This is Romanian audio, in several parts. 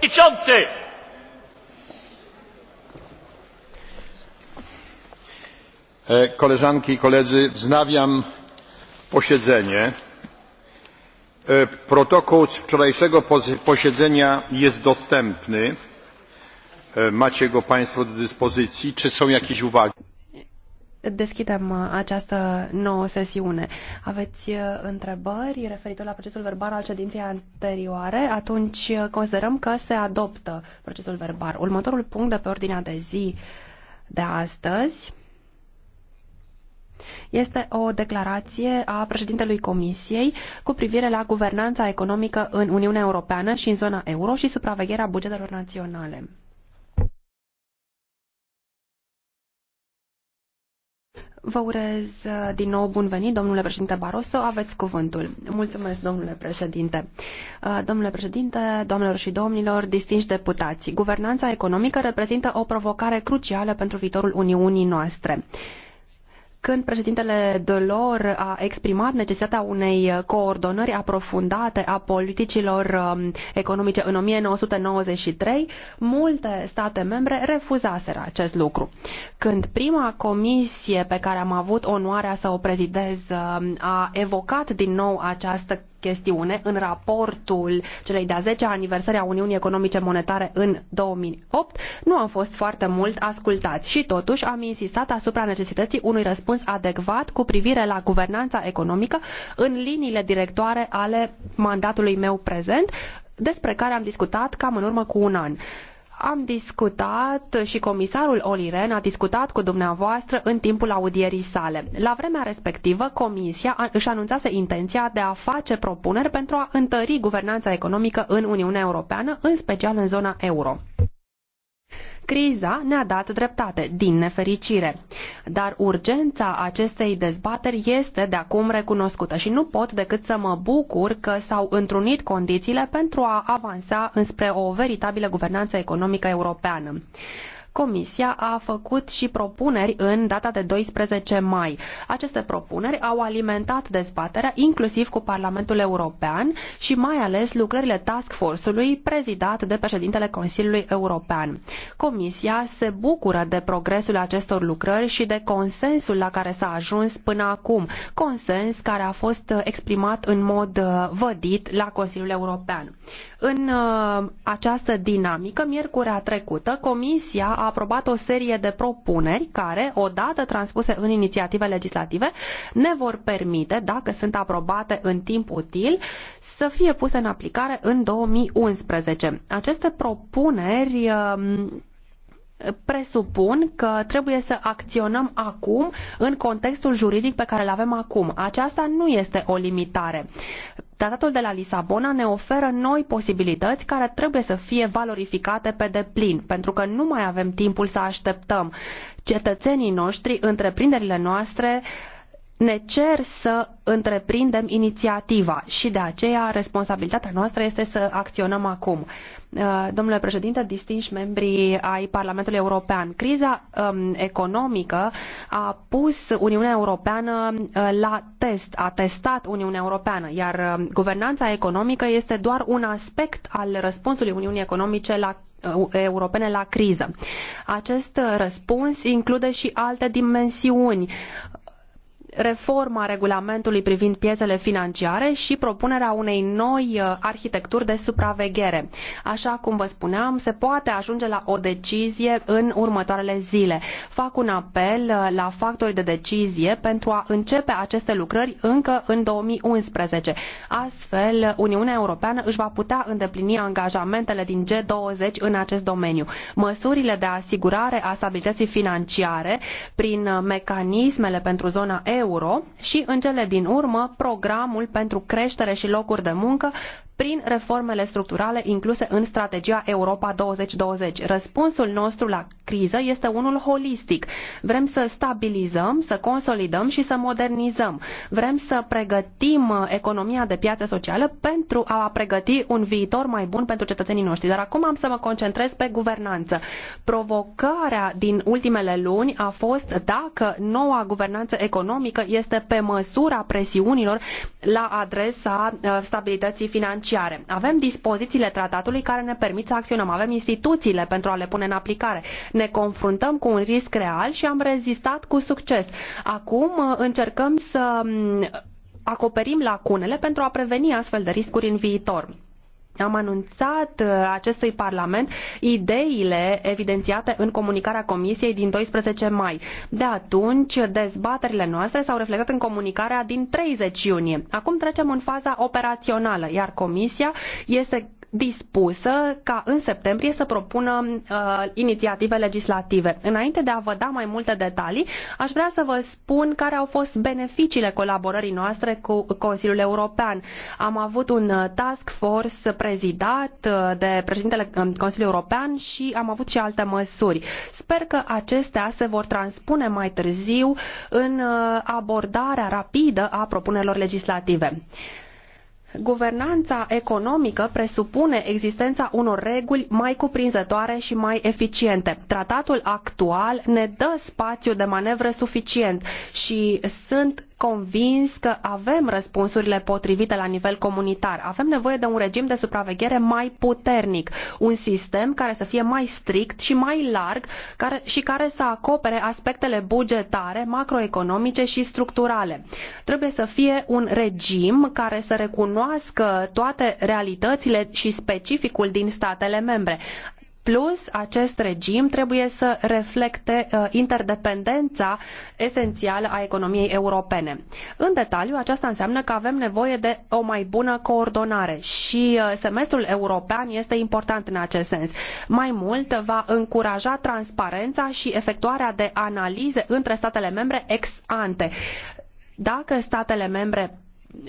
przewodniczący! Koleżanki i koledzy, wznawiam posiedzenie. Protokół z wczorajszego posiedzenia jest dostępny. Macie go Państwo do dyspozycji. Czy są jakieś uwagi? deschidem uh, această nouă sesiune. Aveți uh, întrebări referitor la procesul verbal al ședinței anterioare? Atunci uh, considerăm că se adoptă procesul verbal. Următorul punct de pe ordinea de zi de astăzi este o declarație a președintelui Comisiei cu privire la guvernanța economică în Uniunea Europeană și în zona euro și supravegherea bugetelor naționale. Vă urez uh, din nou bun venit, domnule președinte Barroso, aveți cuvântul. Mulțumesc, domnule președinte. Uh, domnule președinte, doamnelor și domnilor, distinși deputați, guvernanța economică reprezintă o provocare crucială pentru viitorul Uniunii noastre când președintele Delors a exprimat necesitatea unei coordonări aprofundate a politicilor um, economice în 1993, multe state membre refuzaseră acest lucru. Când prima comisie pe care am avut onoarea să o prezidez um, a evocat din nou această chestiune în raportul celei de-a 10-a aniversări a Uniunii Economice Monetare în 2008, nu am fost foarte mult ascultați și totuși am insistat asupra necesității unui răspuns adecvat cu privire la guvernanța economică în liniile directoare ale mandatului meu prezent, despre care am discutat cam în urmă cu un an am discutat și comisarul Oliren a discutat cu dumneavoastră în timpul audierii sale. La vremea respectivă, Comisia își anunțase intenția de a face propuneri pentru a întări guvernanța economică în Uniunea Europeană, în special în zona euro. Criza ne-a dat dreptate, din nefericire. Dar urgența acestei dezbateri este de acum recunoscută și nu pot decât să mă bucur că s-au întrunit condițiile pentru a avansa înspre o veritabilă guvernanță economică europeană. Comisia a făcut și propuneri în data de 12 mai. Aceste propuneri au alimentat dezbaterea inclusiv cu Parlamentul European și mai ales lucrările task force-ului prezidat de președintele Consiliului European. Comisia se bucură de progresul acestor lucrări și de consensul la care s-a ajuns până acum, consens care a fost exprimat în mod uh, vădit la Consiliul European. În uh, această dinamică, miercurea trecută, Comisia a aprobat o serie de propuneri care, odată transpuse în inițiative legislative, ne vor permite, dacă sunt aprobate în timp util, să fie puse în aplicare în 2011. Aceste propuneri um, presupun că trebuie să acționăm acum în contextul juridic pe care îl avem acum. Aceasta nu este o limitare. Tratatul de la Lisabona ne oferă noi posibilități care trebuie să fie valorificate pe deplin, pentru că nu mai avem timpul să așteptăm. Cetățenii noștri, întreprinderile noastre, ne cer să întreprindem inițiativa și de aceea responsabilitatea noastră este să acționăm acum. Uh, domnule președinte, distinși membri ai Parlamentului European, criza um, economică a pus Uniunea Europeană uh, la test, a testat Uniunea Europeană, iar um, guvernanța economică este doar un aspect al răspunsului Uniunii Economice la uh, europene la criză. Acest răspuns include și alte dimensiuni, reforma regulamentului privind piețele financiare și propunerea unei noi uh, arhitecturi de supraveghere. Așa cum vă spuneam, se poate ajunge la o decizie în următoarele zile. Fac un apel uh, la factorii de decizie pentru a începe aceste lucrări încă în 2011. Astfel, Uniunea Europeană își va putea îndeplini angajamentele din G20 în acest domeniu. Măsurile de asigurare a stabilității financiare prin uh, mecanismele pentru zona euro euro și, în cele din urmă, programul pentru creștere și locuri de muncă prin reformele structurale incluse în strategia Europa 2020. Răspunsul nostru la criză este unul holistic. Vrem să stabilizăm, să consolidăm și să modernizăm. Vrem să pregătim uh, economia de piață socială pentru a pregăti un viitor mai bun pentru cetățenii noștri. Dar acum am să mă concentrez pe guvernanță. Provocarea din ultimele luni a fost dacă noua guvernanță economică economică este pe măsura presiunilor la adresa uh, stabilității financiare. Avem dispozițiile tratatului care ne permit să acționăm, avem instituțiile pentru a le pune în aplicare. Ne confruntăm cu un risc real și am rezistat cu succes. Acum uh, încercăm să mm, acoperim lacunele pentru a preveni astfel de riscuri în viitor am anunțat uh, acestui Parlament ideile evidențiate în comunicarea Comisiei din 12 mai. De atunci, dezbaterile noastre s-au reflectat în comunicarea din 30 iunie. Acum trecem în faza operațională, iar Comisia este dispusă ca în septembrie să propună uh, inițiative legislative. Înainte de a vă da mai multe detalii, aș vrea să vă spun care au fost beneficiile colaborării noastre cu Consiliul European. Am avut un uh, task force prezidat uh, de președintele um, Consiliului European și am avut și alte măsuri. Sper că acestea se vor transpune mai târziu în uh, abordarea rapidă a propunerilor legislative. Guvernanța economică presupune existența unor reguli mai cuprinzătoare și mai eficiente. Tratatul actual ne dă spațiu de manevră suficient și sunt convins că avem răspunsurile potrivite la nivel comunitar. Avem nevoie de un regim de supraveghere mai puternic, un sistem care să fie mai strict și mai larg care, și care să acopere aspectele bugetare, macroeconomice și structurale. Trebuie să fie un regim care să recunoască toate realitățile și specificul din statele membre plus, acest regim trebuie să reflecte uh, interdependența esențială a economiei europene. În detaliu, aceasta înseamnă că avem nevoie de o mai bună coordonare și uh, semestrul european este important în acest sens. Mai mult, va încuraja transparența și efectuarea de analize între statele membre ex ante. Dacă statele membre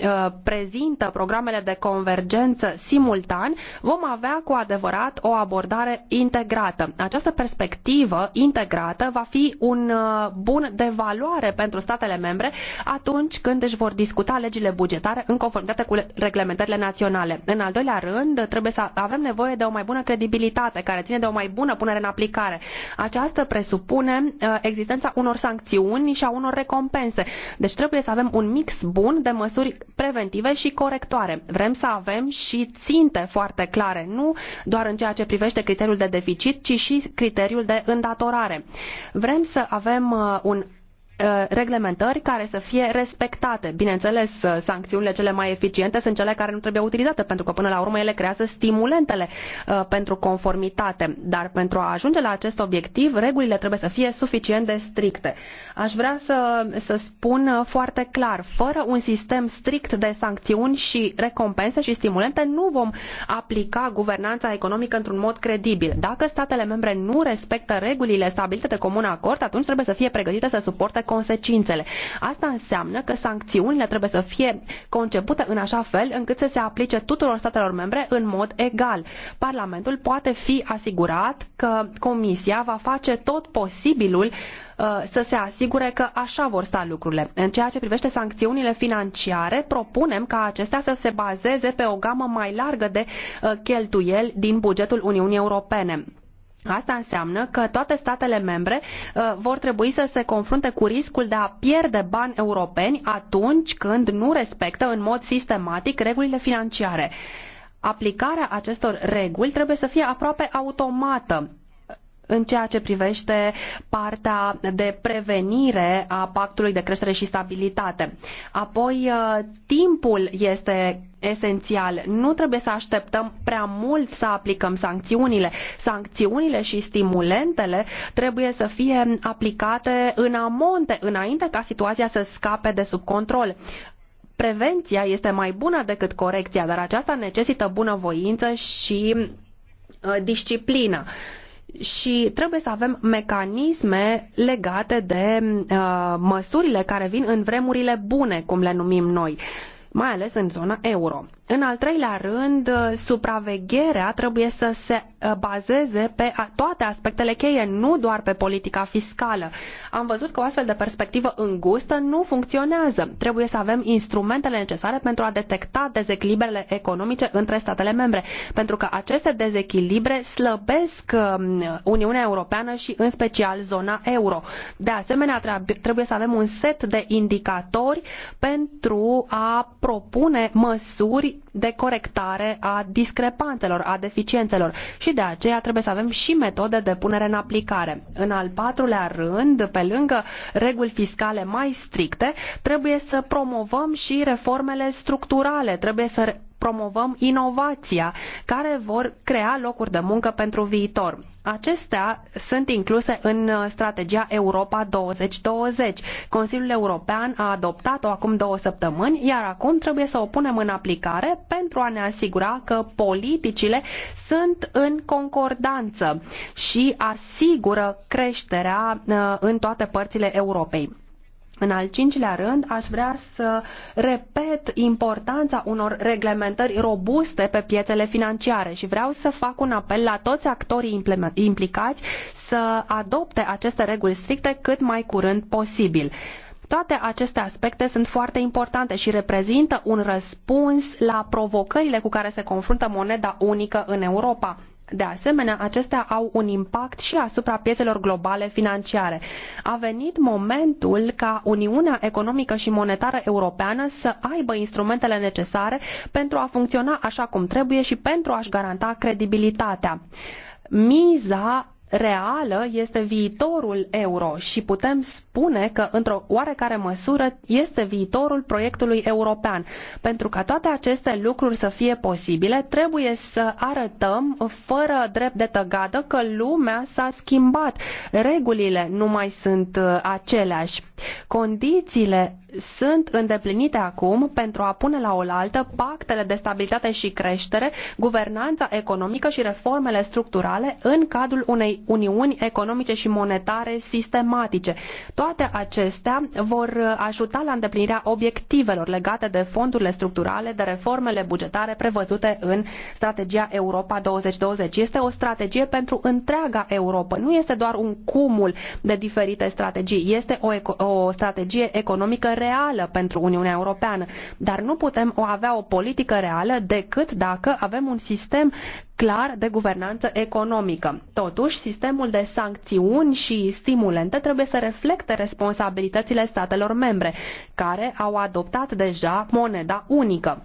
Uh, prezintă programele de convergență simultan, vom avea cu adevărat o abordare integrată. Această perspectivă integrată va fi un uh, bun de valoare pentru statele membre atunci când își vor discuta legile bugetare în conformitate cu reglementările naționale. În al doilea rând, trebuie să avem nevoie de o mai bună credibilitate care ține de o mai bună punere în aplicare. Aceasta presupune uh, existența unor sancțiuni și a unor recompense. Deci trebuie să avem un mix bun de măsuri măsuri preventive și corectoare. Vrem să avem și ținte foarte clare, nu doar în ceea ce privește criteriul de deficit, ci și criteriul de îndatorare. Vrem să avem uh, un Uh, reglementări care să fie respectate. Bineînțeles, uh, sancțiunile cele mai eficiente sunt cele care nu trebuie utilizate, pentru că până la urmă ele creează stimulentele uh, pentru conformitate. Dar pentru a ajunge la acest obiectiv, regulile trebuie să fie suficient de stricte. Aș vrea să, să spun foarte clar, fără un sistem strict de sancțiuni și recompense și stimulente, nu vom aplica guvernanța economică într-un mod credibil. Dacă statele membre nu respectă regulile stabilite de comun acord, atunci trebuie să fie pregătite să suporte consecințele. Asta înseamnă că sancțiunile trebuie să fie concepute în așa fel încât să se aplice tuturor statelor membre în mod egal. Parlamentul poate fi asigurat că Comisia va face tot posibilul uh, să se asigure că așa vor sta lucrurile. În ceea ce privește sancțiunile financiare, propunem ca acestea să se bazeze pe o gamă mai largă de uh, cheltuieli din bugetul Uniunii Europene. Asta înseamnă că toate statele membre uh, vor trebui să se confrunte cu riscul de a pierde bani europeni atunci când nu respectă în mod sistematic regulile financiare. Aplicarea acestor reguli trebuie să fie aproape automată în ceea ce privește partea de prevenire a pactului de creștere și stabilitate. Apoi, uh, timpul este esențial. Nu trebuie să așteptăm prea mult să aplicăm sancțiunile. Sancțiunile și stimulentele trebuie să fie aplicate în amonte, înainte ca situația să scape de sub control prevenția este mai bună decât corecția, dar aceasta necesită bunăvoință și uh, disciplină și trebuie să avem mecanisme legate de uh, măsurile care vin în vremurile bune, cum le numim noi mai ales în zona euro. În al treilea rând, uh, supravegherea trebuie să se Uh, bazeze pe toate aspectele cheie, nu doar pe politica fiscală. Am văzut că o astfel de perspectivă îngustă nu funcționează. Trebuie să avem instrumentele necesare pentru a detecta dezechilibrele economice între statele membre, pentru că aceste dezechilibre slăbesc um, Uniunea Europeană și în special zona euro. De asemenea, trebuie să avem un set de indicatori pentru a propune măsuri de corectare a discrepanțelor, a deficiențelor și și de aceea trebuie să avem și metode de punere în aplicare. În al patrulea rând, pe lângă reguli fiscale mai stricte, trebuie să promovăm și reformele structurale, trebuie să promovăm inovația, care vor crea locuri de muncă pentru viitor. Acestea sunt incluse în uh, strategia Europa 2020. Consiliul European a adoptat-o acum două săptămâni, iar acum trebuie să o punem în aplicare pentru a ne asigura că politicile sunt în concordanță și asigură creșterea uh, în toate părțile Europei. În al cincilea rând, aș vrea să repet importanța unor reglementări robuste pe piețele financiare și vreau să fac un apel la toți actorii implicați să adopte aceste reguli stricte cât mai curând posibil. Toate aceste aspecte sunt foarte importante și reprezintă un răspuns la provocările cu care se confruntă moneda unică în Europa. De asemenea, acestea au un impact și asupra piețelor globale financiare. A venit momentul ca Uniunea Economică și Monetară Europeană să aibă instrumentele necesare pentru a funcționa așa cum trebuie și pentru a-și garanta credibilitatea. Miza reală este viitorul euro și putem spune că, într-o oarecare măsură, este viitorul proiectului european. Pentru ca toate aceste lucruri să fie posibile, trebuie să arătăm, fără drept de tăgadă, că lumea s-a schimbat. Regulile nu mai sunt uh, aceleași. Condițiile sunt îndeplinite acum pentru a pune la oaltă pactele de stabilitate și creștere, guvernanța economică și reformele structurale în cadrul unei uniuni economice și monetare sistematice. Toate acestea vor ajuta la îndeplinirea obiectivelor legate de fondurile structurale, de reformele bugetare prevăzute în strategia Europa 2020. Este o strategie pentru întreaga Europa. Nu este doar un cumul de diferite strategii, este o, o strategie economică reală pentru Uniunea Europeană, dar nu putem o avea o politică reală decât dacă avem un sistem clar de guvernanță economică. Totuși, sistemul de sancțiuni și stimulente trebuie să reflecte responsabilitățile statelor membre, care au adoptat deja moneda unică.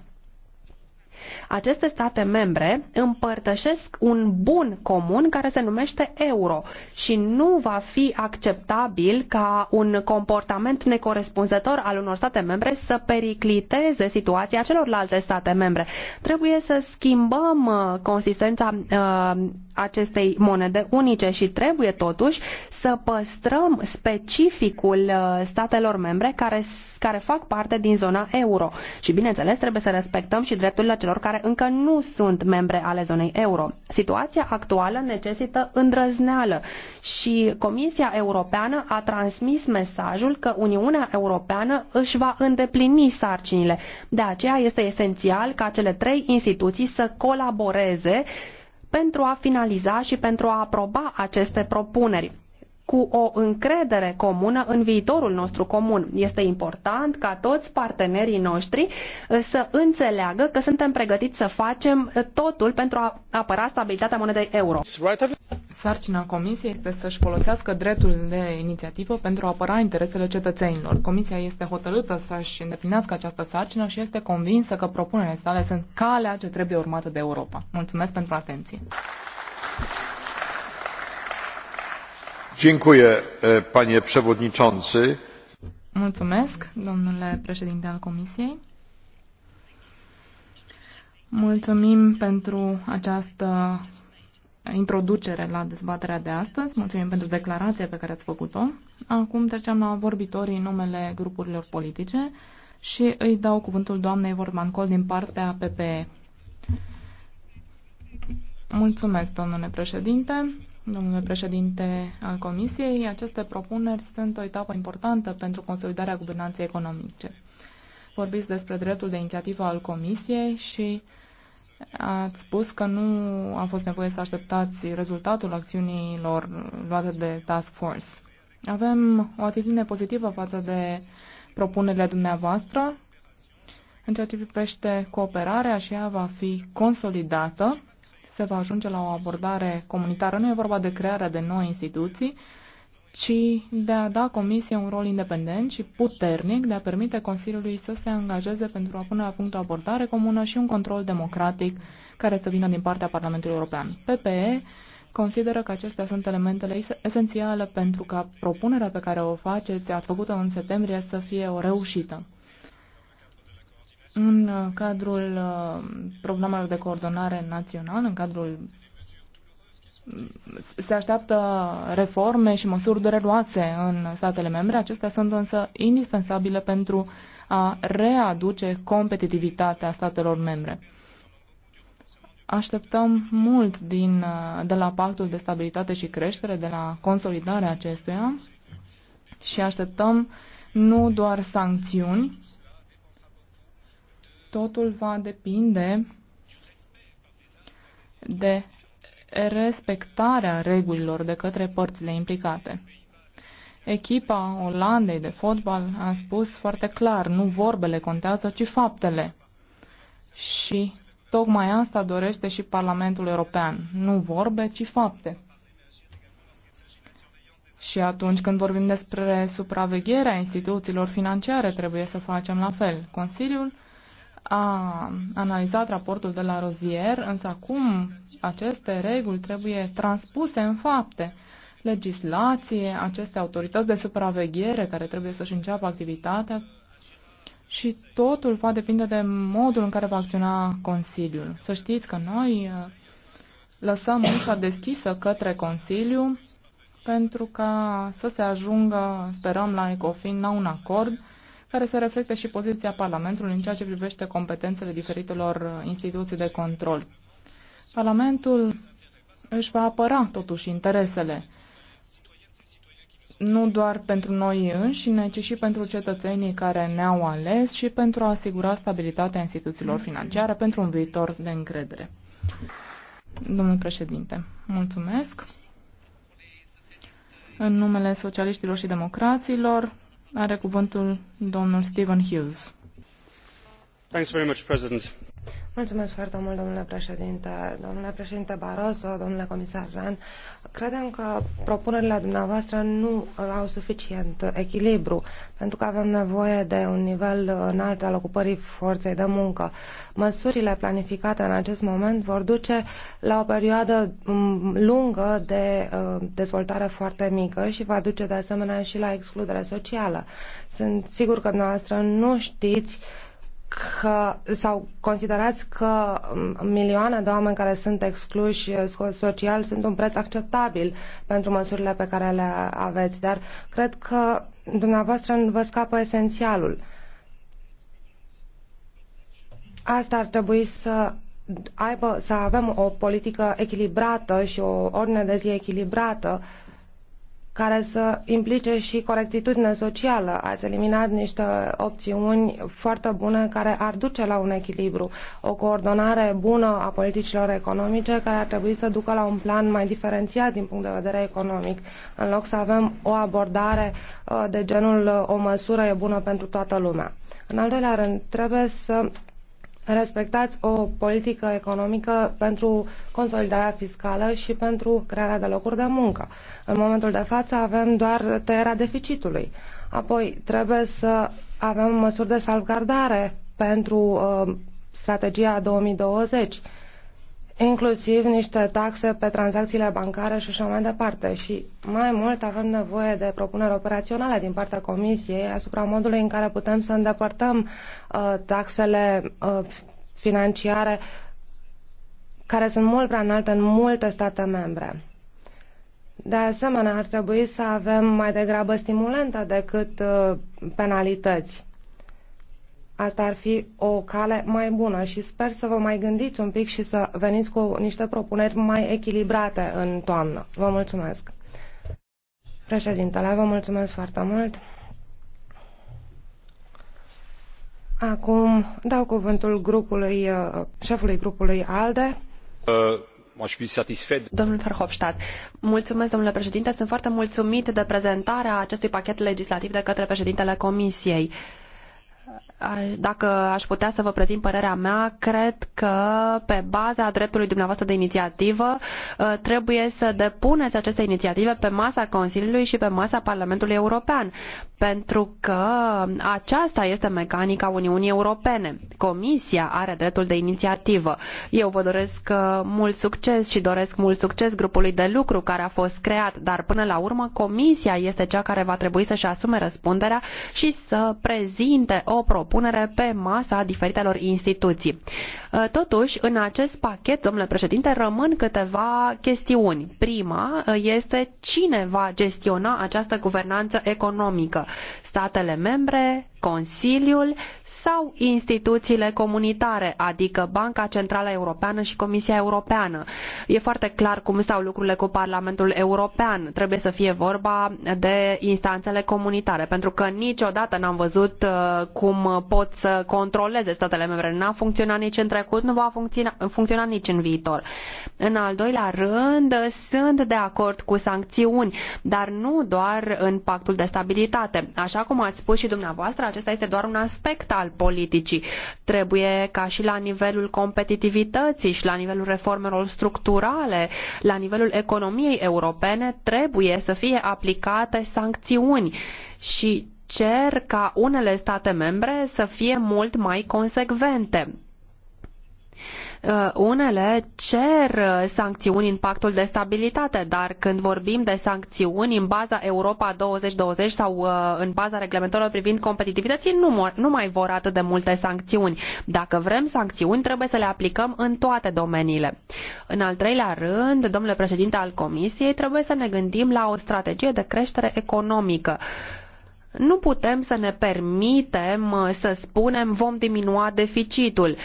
Aceste state membre împărtășesc un bun comun care se numește euro și nu va fi acceptabil ca un comportament necorespunzător al unor state membre să pericliteze situația celorlalte state membre. Trebuie să schimbăm uh, consistența uh, acestei monede unice și trebuie totuși să păstrăm specificul uh, statelor membre care, care fac parte din zona euro. Și bineînțeles trebuie să respectăm și drepturile celor celor care încă nu sunt membre ale zonei euro. Situația actuală necesită îndrăzneală și Comisia Europeană a transmis mesajul că Uniunea Europeană își va îndeplini sarcinile. De aceea este esențial ca cele trei instituții să colaboreze pentru a finaliza și pentru a aproba aceste propuneri cu o încredere comună în viitorul nostru comun. Este important ca toți partenerii noștri uh, să înțeleagă că suntem pregătiți să facem uh, totul pentru a apăra stabilitatea monedei euro. Sarcina Comisiei este să-și folosească dreptul de inițiativă pentru a apăra interesele cetățenilor. Comisia este hotărâtă să-și îndeplinească această sarcină și este convinsă că propunerile sale sunt calea ce trebuie urmată de Europa. Mulțumesc pentru atenție! Mulțumesc, domnule președinte al Comisiei. Mulțumim pentru această introducere la dezbaterea de astăzi. Mulțumim pentru declarația pe care ați făcut-o. Acum trecem la vorbitorii în numele grupurilor politice și îi dau cuvântul doamnei Vorman Col din partea PPE. Mulțumesc, domnule președinte. Domnule președinte al Comisiei, aceste propuneri sunt o etapă importantă pentru consolidarea guvernanței economice. Vorbiți despre dreptul de inițiativă al Comisiei și ați spus că nu a fost nevoie să așteptați rezultatul acțiunilor luate de Task Force. Avem o atitudine pozitivă față de propunerile dumneavoastră. În ceea ce privește cooperarea și ea va fi consolidată se va ajunge la o abordare comunitară. Nu e vorba de crearea de noi instituții, ci de a da Comisiei un rol independent și puternic de a permite Consiliului să se angajeze pentru a pune la punct o abordare comună și un control democratic care să vină din partea Parlamentului European. PPE consideră că acestea sunt elementele esențiale pentru ca propunerea pe care o faceți, ați făcut-o în septembrie, să fie o reușită în uh, cadrul uh, programelor de coordonare național, în cadrul uh, se așteaptă reforme și măsuri dureroase în statele membre. Acestea sunt însă indispensabile pentru a readuce competitivitatea statelor membre. Așteptăm mult din, de la Pactul de Stabilitate și Creștere, de la consolidarea acestuia și așteptăm nu doar sancțiuni, Totul va depinde de respectarea regulilor de către părțile implicate. Echipa Olandei de fotbal a spus foarte clar, nu vorbele contează, ci faptele. Și tocmai asta dorește și Parlamentul European. Nu vorbe, ci fapte. Și atunci când vorbim despre supravegherea instituțiilor financiare, trebuie să facem la fel. Consiliul a analizat raportul de la Rozier, însă acum aceste reguli trebuie transpuse în fapte. Legislație, aceste autorități de supraveghere care trebuie să-și înceapă activitatea și totul va depinde de modul în care va acționa Consiliul. Să știți că noi uh, lăsăm ușa deschisă către Consiliu pentru ca să se ajungă, sperăm, la ECOFIN la un acord care se reflectă și poziția Parlamentului în ceea ce privește competențele diferitelor uh, instituții de control. Parlamentul își va apăra totuși interesele, nu doar pentru noi înșine, ci și pentru cetățenii care ne-au ales și pentru a asigura stabilitatea instituțiilor financiare pentru un viitor de încredere. Domnul președinte, mulțumesc. În numele socialiștilor și democraților, are cuvântul domnul Stephen Hughes. Thanks very much, President. Mulțumesc foarte mult, domnule președinte. Domnule președinte Barroso, domnule comisar Ran, credem că propunerile dumneavoastră nu uh, au suficient echilibru, pentru că avem nevoie de un nivel înalt al ocupării forței de muncă. Măsurile planificate în acest moment vor duce la o perioadă um, lungă de uh, dezvoltare foarte mică și va duce de asemenea și la excludere socială. Sunt sigur că dumneavoastră nu știți că, sau considerați că milioane de oameni care sunt excluși social sunt un preț acceptabil pentru măsurile pe care le aveți, dar cred că dumneavoastră vă scapă esențialul. Asta ar trebui să aibă, să avem o politică echilibrată și o ordine de zi echilibrată care să implice și corectitudine socială. Ați eliminat niște opțiuni foarte bune care ar duce la un echilibru, o coordonare bună a politicilor economice care ar trebui să ducă la un plan mai diferențiat din punct de vedere economic, în loc să avem o abordare uh, de genul uh, o măsură e bună pentru toată lumea. În al doilea rând, trebuie să respectați o politică economică pentru consolidarea fiscală și pentru crearea de locuri de muncă. În momentul de față avem doar tăierea deficitului. Apoi trebuie să avem măsuri de salvgardare pentru uh, strategia 2020 inclusiv niște taxe pe tranzacțiile bancare și așa mai departe. Și mai mult avem nevoie de propuneri operaționale din partea Comisiei asupra modului în care putem să îndepărtăm uh, taxele uh, financiare care sunt mult prea înalte în multe state membre. De asemenea, ar trebui să avem mai degrabă stimulente decât uh, penalități Asta ar fi o cale mai bună și sper să vă mai gândiți un pic și să veniți cu niște propuneri mai echilibrate în toamnă. Vă mulțumesc. Președintele, vă mulțumesc foarte mult. Acum dau cuvântul grupului, uh, șefului grupului ALDE. Uh. Domnul Verhofstadt, mulțumesc, domnule președinte. Sunt foarte mulțumit de prezentarea acestui pachet legislativ de către președintele Comisiei dacă aș putea să vă prezint părerea mea, cred că pe baza dreptului dumneavoastră de inițiativă uh, trebuie să depuneți aceste inițiative pe masa Consiliului și pe masa Parlamentului European, pentru că aceasta este mecanica Uniunii Europene. Comisia are dreptul de inițiativă. Eu vă doresc uh, mult succes și doresc mult succes grupului de lucru care a fost creat, dar până la urmă Comisia este cea care va trebui să-și asume răspunderea și să prezinte o propunere propunere pe masa diferitelor instituții. Uh, totuși, în acest pachet, domnule președinte, rămân câteva chestiuni. Prima uh, este cine va gestiona această guvernanță economică? Statele membre, Consiliul sau instituțiile comunitare, adică Banca Centrală Europeană și Comisia Europeană. E foarte clar cum stau lucrurile cu Parlamentul European. Trebuie să fie vorba de instanțele comunitare, pentru că niciodată n-am văzut uh, cum pot să controleze statele membre. N-a funcționat nici în trecut, nu va funcționa, funcționa nici în viitor. În al doilea rând, sunt de acord cu sancțiuni, dar nu doar în pactul de stabilitate. Așa cum ați spus și dumneavoastră, acesta este doar un aspect al politicii. Trebuie ca și la nivelul competitivității și la nivelul reformelor structurale, la nivelul economiei europene, trebuie să fie aplicate sancțiuni și cer ca unele state membre să fie mult mai consecvente. Uh, unele cer uh, sancțiuni în pactul de stabilitate, dar când vorbim de sancțiuni în baza Europa 2020 sau uh, în baza reglementărilor privind competitivității, nu, nu mai vor atât de multe sancțiuni. Dacă vrem sancțiuni, trebuie să le aplicăm în toate domeniile. În al treilea rând, domnule președinte al Comisiei, trebuie să ne gândim la o strategie de creștere economică nu putem să ne permitem să spunem vom diminua deficitul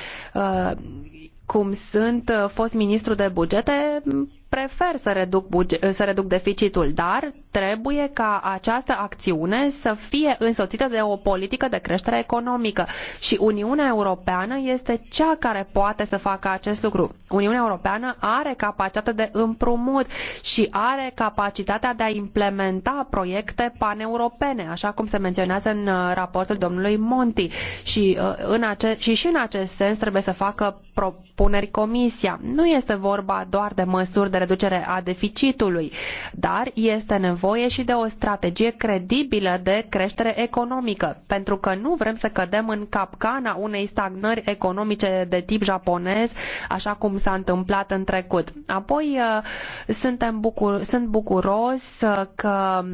cum sunt uh, fost ministru de bugete, prefer să reduc, să reduc deficitul, dar trebuie ca această acțiune să fie însoțită de o politică de creștere economică și Uniunea Europeană este cea care poate să facă acest lucru. Uniunea Europeană are capacitatea de împrumut și are capacitatea de a implementa proiecte paneuropene, așa cum se menționează în uh, raportul domnului Monti și, uh, în ace- și, și în acest sens trebuie să facă propuneri comisia. Nu este vorba doar de măsuri de reducere a deficitului, dar este nevoie și de o strategie credibilă de creștere economică, pentru că nu vrem să cădem în capcana unei stagnări economice de tip japonez, așa cum s-a întâmplat în trecut. Apoi, uh, suntem bucur- sunt bucuros uh, că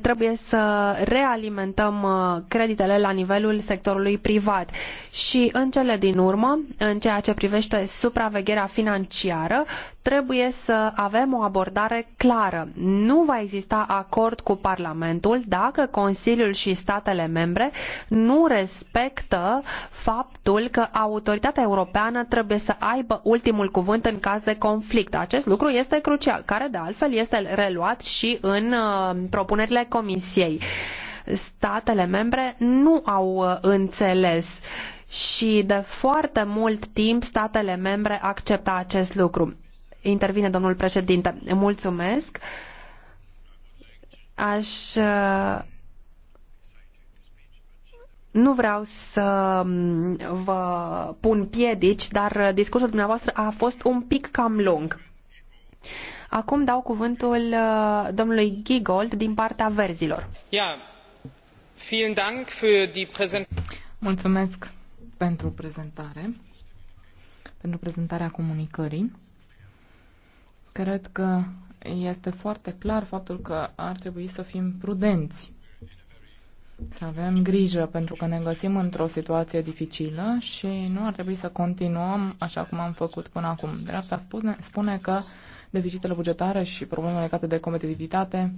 trebuie să realimentăm uh, creditele la nivelul sectorului privat. Și în cele din urmă, în ceea ce privește supravegherea financiară, trebuie să avem o abordare clară. Nu va exista acord cu Parlamentul dacă Consiliul și statele membre nu respectă faptul că autoritatea europeană trebuie să aibă ultimul cuvânt în caz de conflict. Acest lucru este crucial, care de altfel este reluat și în uh, propunerile Comisiei. Statele membre nu au uh, înțeles și de foarte mult timp statele membre acceptă acest lucru intervine domnul președinte. Mulțumesc. Aș uh, nu vreau să um, vă pun piedici, dar discursul dumneavoastră a fost un pic cam lung. Acum dau cuvântul uh, domnului Gigold din partea verzilor. Mulțumesc pentru prezentare, pentru prezentarea comunicării. Cred că este foarte clar faptul că ar trebui să fim prudenți, să avem grijă, pentru că ne găsim într-o situație dificilă și nu ar trebui să continuăm așa cum am făcut până acum. Dreapta spune, spune că deficitele bugetare și problemele legate de competitivitate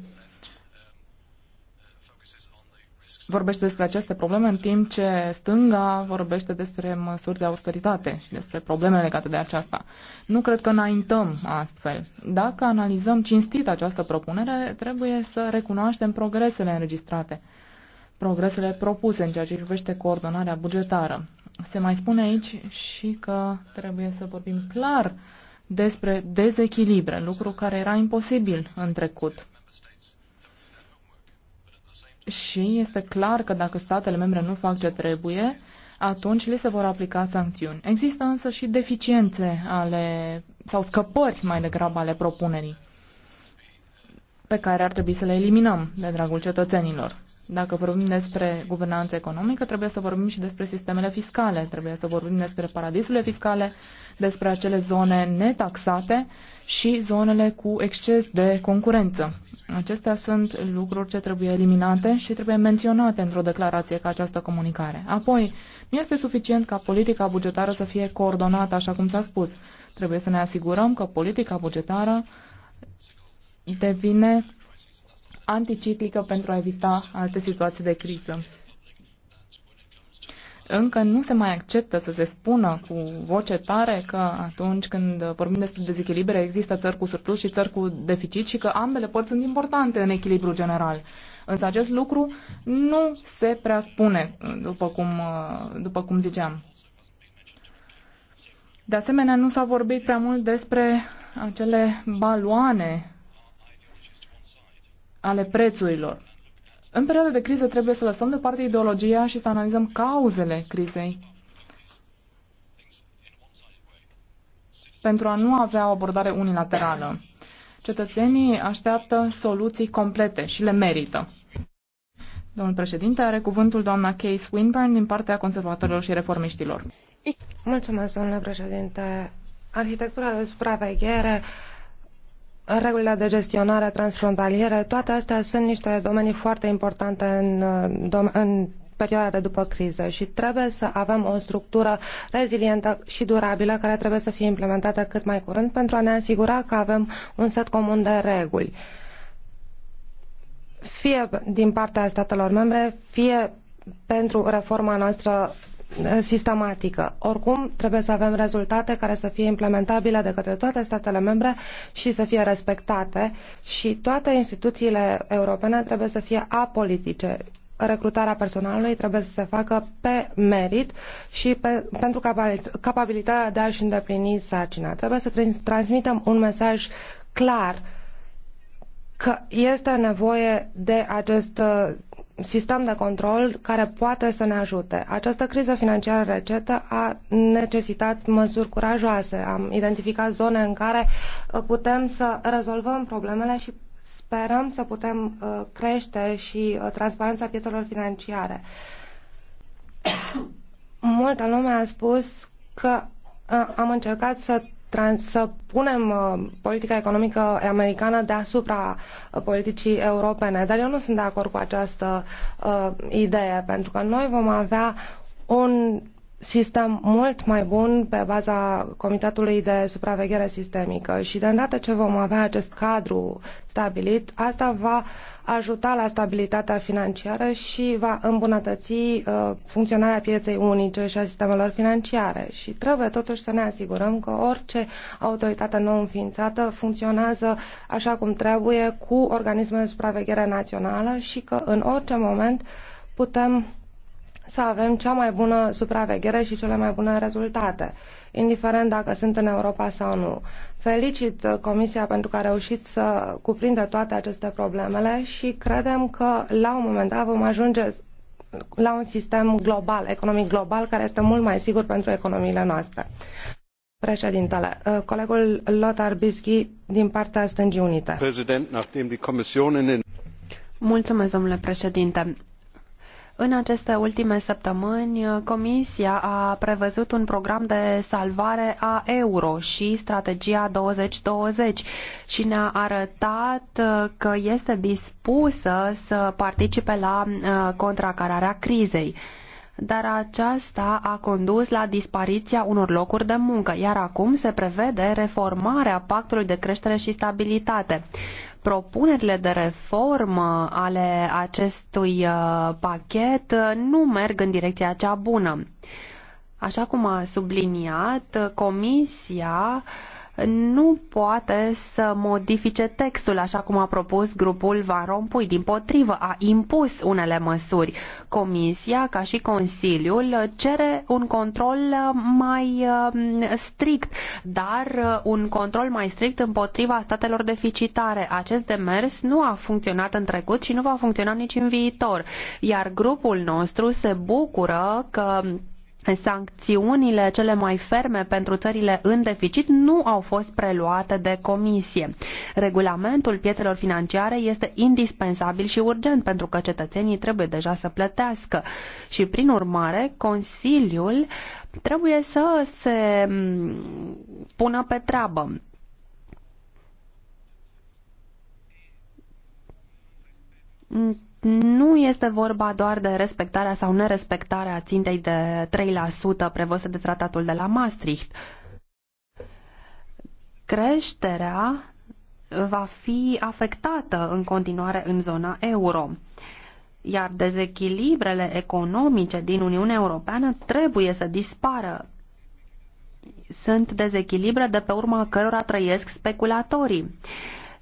vorbește despre aceste probleme, în timp ce stânga vorbește despre măsuri de austeritate și despre probleme legate de aceasta. Nu cred că înaintăm astfel. Dacă analizăm cinstit această propunere, trebuie să recunoaștem progresele înregistrate, progresele propuse în ceea ce privește coordonarea bugetară. Se mai spune aici și că trebuie să vorbim clar despre dezechilibre, lucru care era imposibil în trecut și este clar că dacă statele membre nu fac ce trebuie, atunci li se vor aplica sancțiuni. Există însă și deficiențe ale, sau scăpări mai degrabă ale propunerii pe care ar trebui să le eliminăm de dragul cetățenilor. Dacă vorbim despre guvernanță economică, trebuie să vorbim și despre sistemele fiscale, trebuie să vorbim despre paradisurile fiscale, despre acele zone netaxate și zonele cu exces de concurență. Acestea sunt lucruri ce trebuie eliminate și trebuie menționate într-o declarație ca această comunicare. Apoi, nu este suficient ca politica bugetară să fie coordonată, așa cum s-a spus. Trebuie să ne asigurăm că politica bugetară devine anticiclică pentru a evita alte situații de criză. Încă nu se mai acceptă să se spună cu voce tare că atunci când vorbim despre dezechilibre există țări cu surplus și țări cu deficit și că ambele părți sunt importante în echilibru general. Însă acest lucru nu se prea spune, după cum, după cum ziceam. De asemenea, nu s-a vorbit prea mult despre acele baloane ale prețurilor. În perioada de criză trebuie să lăsăm deoparte ideologia și să analizăm cauzele crizei pentru a nu avea o abordare unilaterală. Cetățenii așteaptă soluții complete și le merită. Domnul președinte, are cuvântul doamna Case Winburn din partea conservatorilor și reformiștilor. Mulțumesc, domnule președinte. Arhitectura de supraveghere regulile de gestionare transfrontaliere, toate astea sunt niște domenii foarte importante în, uh, în perioada de după criză și trebuie să avem o structură rezilientă și durabilă care trebuie să fie implementată cât mai curând pentru a ne asigura că avem un set comun de reguli. Fie din partea statelor membre, fie pentru reforma noastră Eh, sistematică. Oricum, trebuie să avem rezultate care să fie implementabile de către toate statele membre și să fie respectate și toate instituțiile europene trebuie să fie apolitice recrutarea personalului trebuie să se facă pe merit și pe, pentru capabilitatea de a-și îndeplini sarcina. Trebuie să transmitem un mesaj clar că este nevoie de acest sistem de control care poate să ne ajute. Această criză financiară recentă a necesitat măsuri curajoase. Am identificat zone în care uh, putem să rezolvăm problemele și sperăm să putem uh, crește și uh, transparența piețelor financiare. Multă lume a spus că am încercat să trans, să punem uh, politica economică americană deasupra uh, politicii europene. Dar eu nu sunt de acord cu această uh, idee, pentru că noi vom avea un sistem mult mai bun pe baza Comitetului de Supraveghere Sistemică și de îndată ce vom avea acest cadru stabilit, asta va ajuta la stabilitatea financiară și va îmbunătăți uh, funcționarea pieței unice și a sistemelor financiare. Și trebuie totuși să ne asigurăm că orice autoritate nou înființată funcționează așa cum trebuie cu organismele de supraveghere națională și că în orice moment putem să avem cea mai bună supraveghere și cele mai bune rezultate, indiferent dacă sunt în Europa sau nu. Felicit uh, Comisia pentru că a reușit să cuprinde toate aceste problemele și credem că la un moment dat vom ajunge la un sistem global, economic global, care este mult mai sigur pentru economiile noastre. Președintele, uh, colegul Lothar Bischi din partea Stângii Unite. Mulțumesc, domnule președinte în aceste ultime săptămâni, Comisia a prevăzut un program de salvare a euro și strategia 2020 și ne-a arătat că este dispusă să participe la uh, contracararea crizei dar aceasta a condus la dispariția unor locuri de muncă, iar acum se prevede reformarea pactului de creștere și stabilitate propunerile de reformă ale acestui uh, pachet uh, nu merg în direcția cea bună. Așa cum a subliniat, uh, Comisia uh, nu poate să modifice textul așa cum a propus grupul Van Rompuy. Din potrivă, a impus unele măsuri. Comisia, ca și Consiliul, cere un control mai um, strict, dar uh, un control mai strict împotriva statelor deficitare. Acest demers nu a funcționat în trecut și nu va funcționa nici în viitor. Iar grupul nostru se bucură că sancțiunile cele mai ferme pentru țările în deficit nu au fost preluate de comisie. Regulamentul piețelor financiare este indispensabil și urgent pentru că cetățenii trebuie deja să plătească și prin urmare Consiliul trebuie să se mm, pună pe treabă nu este vorba doar de respectarea sau nerespectarea țintei de 3% prevăzută de tratatul de la Maastricht. Creșterea va fi afectată în continuare în zona euro iar dezechilibrele economice din Uniunea Europeană trebuie să dispară. Sunt dezechilibre de pe urma cărora trăiesc speculatorii.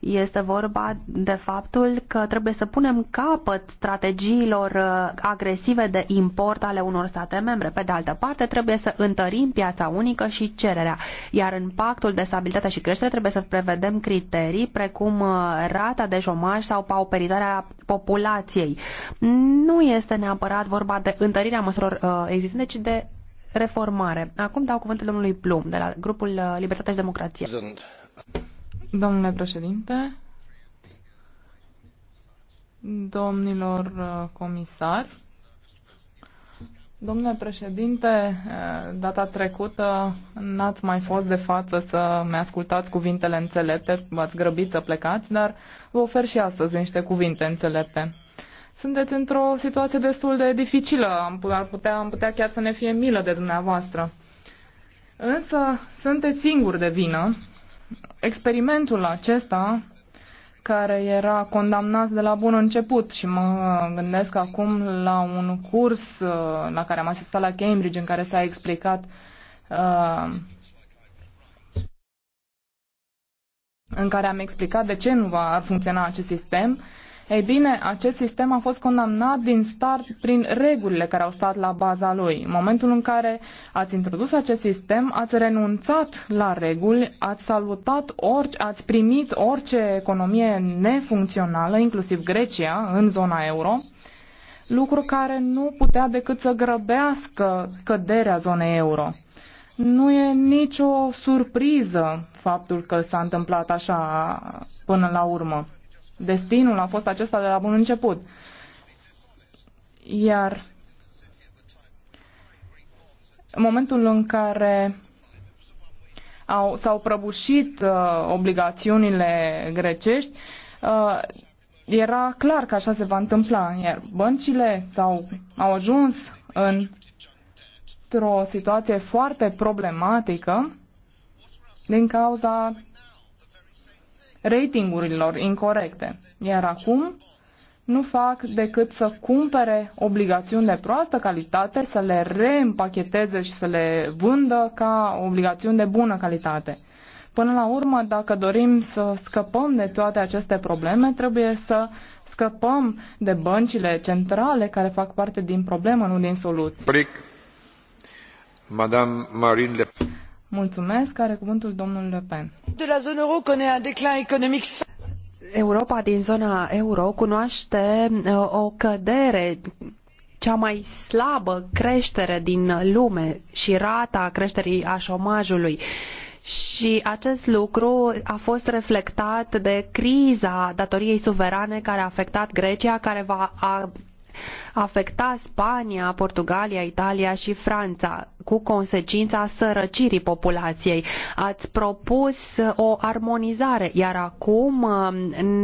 Este vorba de faptul că trebuie să punem capăt strategiilor uh, agresive de import ale unor state membre. Pe de altă parte, trebuie să întărim piața unică și cererea, iar în pactul de stabilitate și creștere trebuie să prevedem criterii precum uh, rata de șomaj sau pauperizarea populației. Nu este neapărat vorba de întărirea măsurilor uh, existente, ci de reformare. Acum dau cuvântul domnului Plum de la grupul Libertate și Democrație. Domnule președinte, domnilor uh, comisari, domnule președinte, uh, data trecută n-ați mai fost de față să-mi ascultați cuvintele înțelepte, v-ați grăbit să plecați, dar vă ofer și astăzi niște cuvinte înțelepte. Sunteți într-o situație destul de dificilă, am, putea, am putea chiar să ne fie milă de dumneavoastră. Însă sunteți singuri de vină Experimentul acesta, care era condamnat de la bun început și mă gândesc acum la un curs uh, la care am asistat la Cambridge în care s-a explicat uh, în care am explicat de ce nu va funcționa acest sistem ei bine, acest sistem a fost condamnat din start prin regulile care au stat la baza lui. În momentul în care ați introdus acest sistem, ați renunțat la reguli, ați salutat orice, ați primit orice economie nefuncțională, inclusiv Grecia, în zona euro, lucru care nu putea decât să grăbească căderea zonei euro. Nu e nicio surpriză faptul că s-a întâmplat așa până la urmă. Destinul a fost acesta de la bun început. Iar în momentul în care au, s-au prăbușit uh, obligațiunile grecești, uh, era clar că așa se va întâmpla, iar băncile s-au, au ajuns în într-o situație foarte problematică din cauza ratingurilor incorrecte. Iar acum nu fac decât să cumpere obligațiuni de proastă calitate, să le reîmpacheteze și să le vândă ca obligațiuni de bună calitate. Până la urmă, dacă dorim să scăpăm de toate aceste probleme, trebuie să scăpăm de băncile centrale care fac parte din problemă, nu din soluție. Madame Marine Le Mulțumesc. Are cuvântul domnul Le Pen. De la zona euro connaît un déclin économique Europa din zona euro cunoaște uh, o cădere cea mai slabă creștere din lume și rata creșterii a șomajului. Și acest lucru a fost reflectat de criza datoriei suverane care a afectat Grecia, care va afecta Spania, Portugalia, Italia și Franța, cu consecința sărăcirii populației. Ați propus uh, o armonizare, iar acum uh,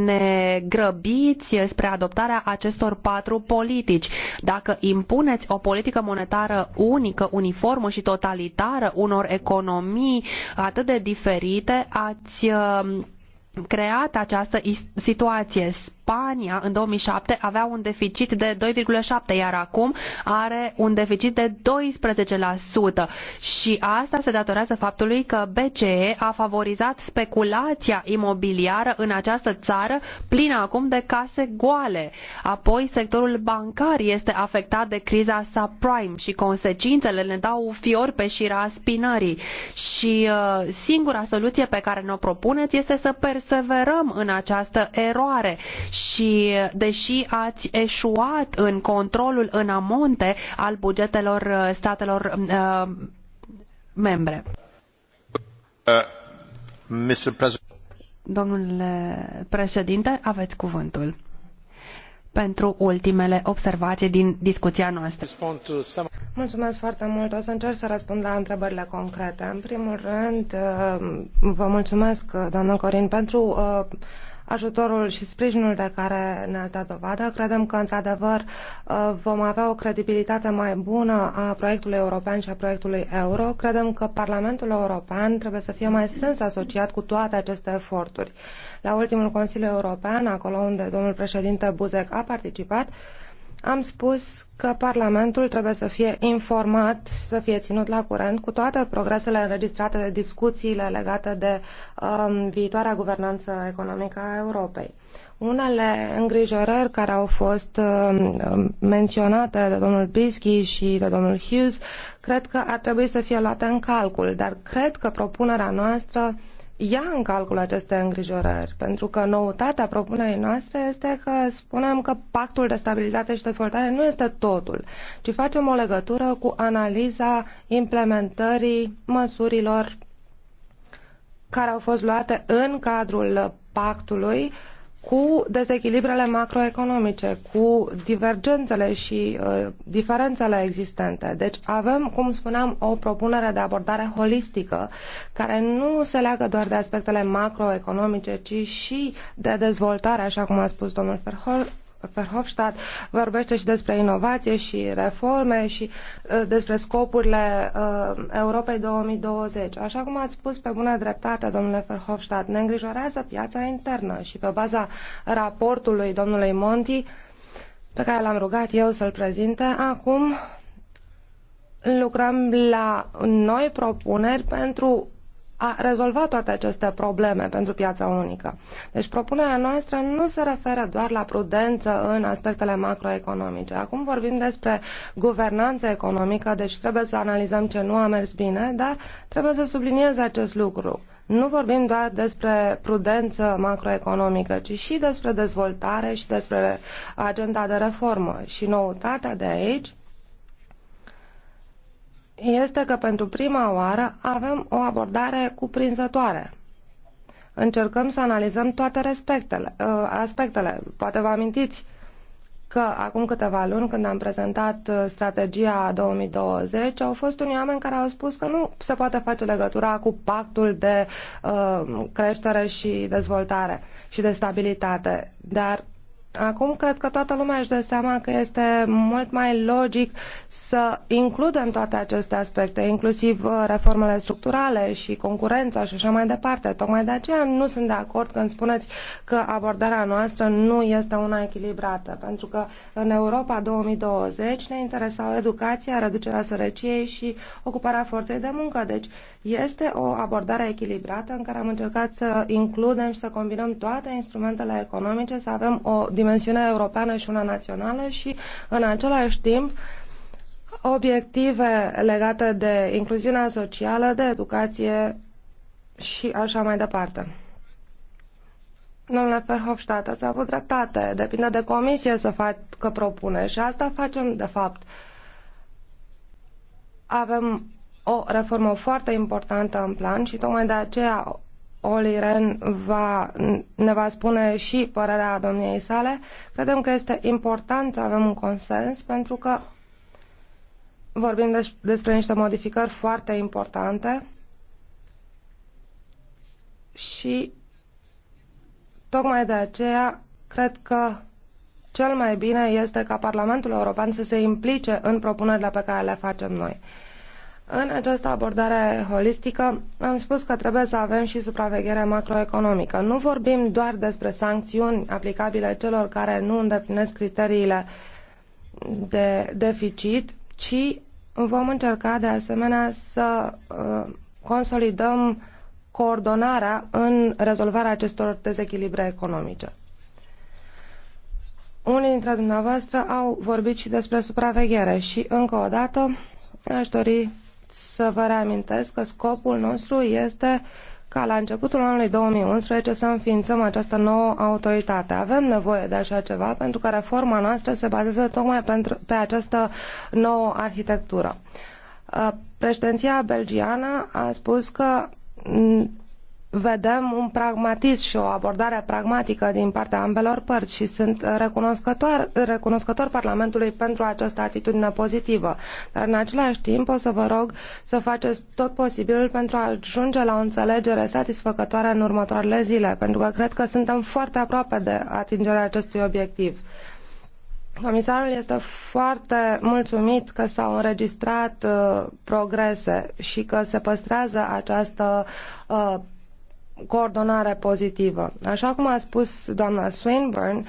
ne grăbiți spre adoptarea acestor patru politici. Dacă impuneți o politică monetară unică, uniformă și totalitară unor economii atât de diferite, ați uh, creat această situație. Spania în 2007 avea un deficit de 2,7, iar acum are un deficit de 12%. Și asta se datorează faptului că BCE a favorizat speculația imobiliară în această țară plină acum de case goale. Apoi, sectorul bancar este afectat de criza subprime și consecințele ne dau fior pe șira spinării. Și uh, singura soluție pe care ne-o propuneți este să perseverăm în această eroare și deși ați eșuat în controlul în amonte al bugetelor uh, statelor uh, membre. Uh, Mr. Domnule președinte, aveți cuvântul pentru ultimele observații din discuția noastră. Mulțumesc foarte mult. O să încerc să răspund la întrebările concrete. În primul rând, uh, vă mulțumesc, uh, doamnă Corin, pentru ajutorul și sprijinul de care ne-ați dat dovadă. Credem că, într-adevăr, uh, vom avea o credibilitate mai bună a proiectului european și a proiectului euro. Credem că Parlamentul European trebuie să fie mai strâns asociat cu toate aceste eforturi. La ultimul Consiliu European, acolo unde domnul președinte Buzek a participat, am spus că Parlamentul trebuie să fie informat și să fie ținut la curent cu toate progresele înregistrate de discuțiile legate de um, viitoarea guvernanță economică a Europei. Unele îngrijorări care au fost um, um menționate de domnul Bischi și de domnul Hughes cred că ar trebui să fie luate în calcul, dar cred că propunerea noastră uh, ia în calcul aceste îngrijorări, pentru că noutatea propunerii noastre este că spunem că pactul de stabilitate și dezvoltare nu este totul, ci facem o legătură cu analiza implementării măsurilor care au fost luate în cadrul pactului cu dezechilibrele macroeconomice, cu divergențele și uh, diferențele existente. Deci avem, cum spuneam, o propunere de abordare holistică care nu se leagă doar de aspectele macroeconomice, ci și de dezvoltare, așa cum a spus domnul Ferhol, Verhofstadt vorbește și despre inovație și reforme și uh, despre scopurile uh, Europei 2020. Așa cum ați spus pe bună dreptate, domnule Verhofstadt, ne îngrijorează piața internă și pe baza raportului domnului Monti, pe care l-am rugat eu să-l prezinte, acum lucrăm la noi propuneri pentru a rezolvat toate aceste probleme pentru piața unică. Deci propunerea noastră nu se referă doar la prudență în aspectele macroeconomice. Acum vorbim despre guvernanță economică, deci trebuie să analizăm ce nu a mers bine, dar trebuie să subliniez acest lucru. Nu vorbim doar despre prudență macroeconomică, ci și despre dezvoltare și despre agenda de reformă. Și noutatea de aici este că pentru prima oară avem o abordare cuprinzătoare. Încercăm să analizăm toate respectele, ă, aspectele. Poate vă amintiți că acum câteva luni, când am prezentat ă, strategia 2020, au fost unii oameni care au spus că nu se poate face legătura cu pactul de uh, creștere și dezvoltare și de stabilitate. Dar Acum cred că toată lumea își dă seama că este mult mai logic să includem toate aceste aspecte, inclusiv uh, reformele structurale și concurența și așa mai departe. Tocmai de aceea nu sunt de acord când spuneți că abordarea noastră nu este una echilibrată, pentru că în Europa 2020 ne interesau educația, reducerea sărăciei și ocuparea forței de muncă. Deci este o abordare echilibrată în care am încercat să includem și să combinăm toate instrumentele economice, să avem o dimensiune dimensiune europeană și una națională și, în același timp, obiective legate de incluziunea socială, de educație și așa mai departe. Domnule Ferhofstadt, ați avut dreptate. Depinde de comisie să facă propune și asta facem, de fapt. Avem o reformă foarte importantă în plan și tocmai de aceea Ren va, ne va spune și părerea domniei sale. Credem că este important să avem un consens pentru că vorbim despre niște modificări foarte importante și tocmai de aceea cred că cel mai bine este ca Parlamentul European să se implice în propunerile pe care le facem noi. În această abordare holistică am spus că trebuie să avem și supraveghere macroeconomică. Nu vorbim doar despre sancțiuni aplicabile celor care nu îndeplinesc criteriile de deficit, ci vom încerca de asemenea să uh, consolidăm coordonarea în rezolvarea acestor dezechilibre economice. Unii dintre dumneavoastră au vorbit și despre supraveghere și, încă o dată, aș dori să vă reamintesc că scopul nostru este ca la începutul anului 2011 să înființăm această nouă autoritate. Avem nevoie de așa ceva pentru că reforma noastră se bazează tocmai pentru, pe această nouă arhitectură. Președinția belgiană a spus că vedem un pragmatism și o abordare pragmatică din partea ambelor părți și sunt recunoscător, recunoscător Parlamentului pentru această atitudine pozitivă. Dar în același timp o să vă rog să faceți tot posibilul pentru a ajunge la o înțelegere satisfăcătoare în următoarele zile, pentru că cred că suntem foarte aproape de atingerea acestui obiectiv. Comisarul este foarte mulțumit că s-au înregistrat uh, progrese și că se păstrează această uh, coordonare pozitivă. Așa cum a spus doamna Swinburne,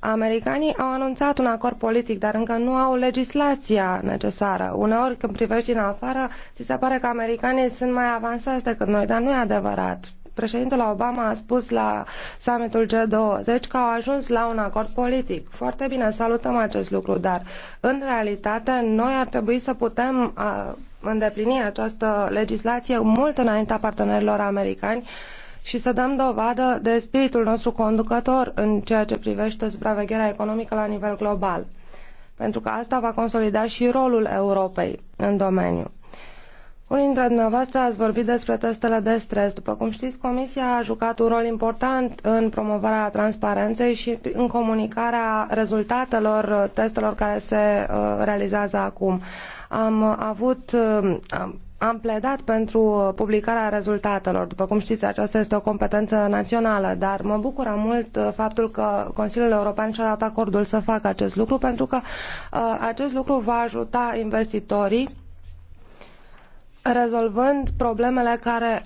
Americanii au anunțat un acord politic, dar încă nu au legislația necesară. Uneori, când privești din afară, ți se pare că americanii sunt mai avansați decât noi, dar nu e adevărat. Președintele Obama a spus la summitul G20 că au ajuns la un acord politic. Foarte bine, salutăm acest lucru, dar în realitate noi ar trebui să putem îndeplini această legislație mult înaintea partenerilor americani și să dăm dovadă de spiritul nostru conducător în ceea ce privește supravegherea economică la nivel global, pentru că asta va consolida și rolul Europei în domeniu. Unii dintre dumneavoastră ați vorbit despre testele de stres. După cum știți, Comisia a jucat un rol important în promovarea transparenței și în comunicarea rezultatelor uh, testelor care se uh, realizează acum. Am uh, avut, am, am pledat pentru publicarea rezultatelor. După cum știți, aceasta este o competență națională, dar mă bucură mult uh, faptul că Consiliul European și-a dat acordul să facă acest lucru, pentru că uh, acest lucru va ajuta investitorii rezolvând problemele care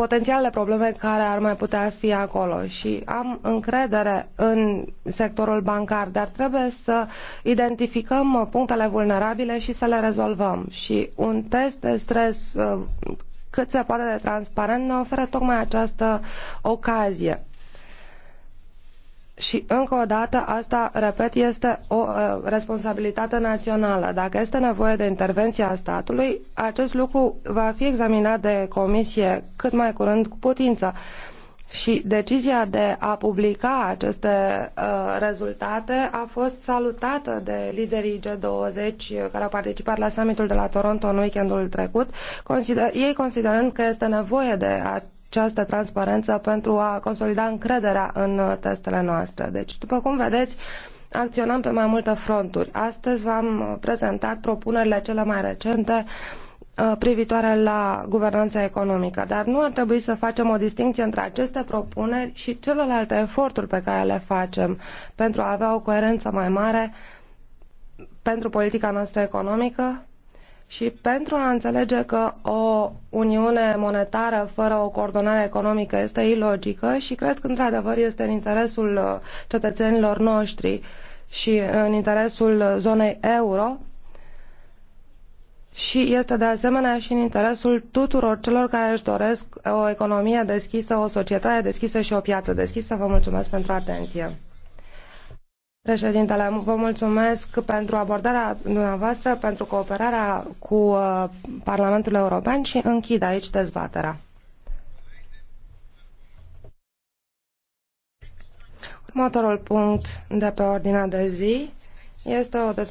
potențialele probleme care ar mai putea fi acolo și am încredere în sectorul bancar, dar trebuie să identificăm punctele vulnerabile și să le rezolvăm. Și un test de stres uh, cât se poate de transparent ne oferă tocmai această ocazie. Și încă o dată, asta, repet, este o uh, responsabilitate națională. Dacă este nevoie de intervenția statului, acest lucru va fi examinat de comisie cât mai curând cu putință. Și decizia de a publica aceste uh, rezultate a fost salutată de liderii G20 care au participat la summitul de la Toronto în weekendul trecut, consider, ei considerând că este nevoie de a, această transparență pentru a consolida încrederea în uh, testele noastre. Deci, după cum vedeți, acționăm pe mai multe fronturi. Astăzi v-am uh, prezentat propunerile cele mai recente uh, privitoare la guvernanța economică, dar nu ar trebui să facem o distinție între aceste propuneri și celelalte eforturi pe care le facem pentru a avea o coerență mai mare pentru politica noastră economică și pentru a înțelege că o uniune monetară fără o coordonare economică este ilogică și cred că într-adevăr este în interesul uh, cetățenilor noștri și în interesul zonei euro și este de asemenea și în interesul tuturor celor care își doresc o economie deschisă, o societate deschisă și o piață deschisă. Vă mulțumesc pentru atenție. Președintele, vă mulțumesc pentru abordarea dumneavoastră, pentru cooperarea cu uh, Parlamentul European și închid aici dezbaterea. Următorul punct de pe ordinea de zi este o dezbatere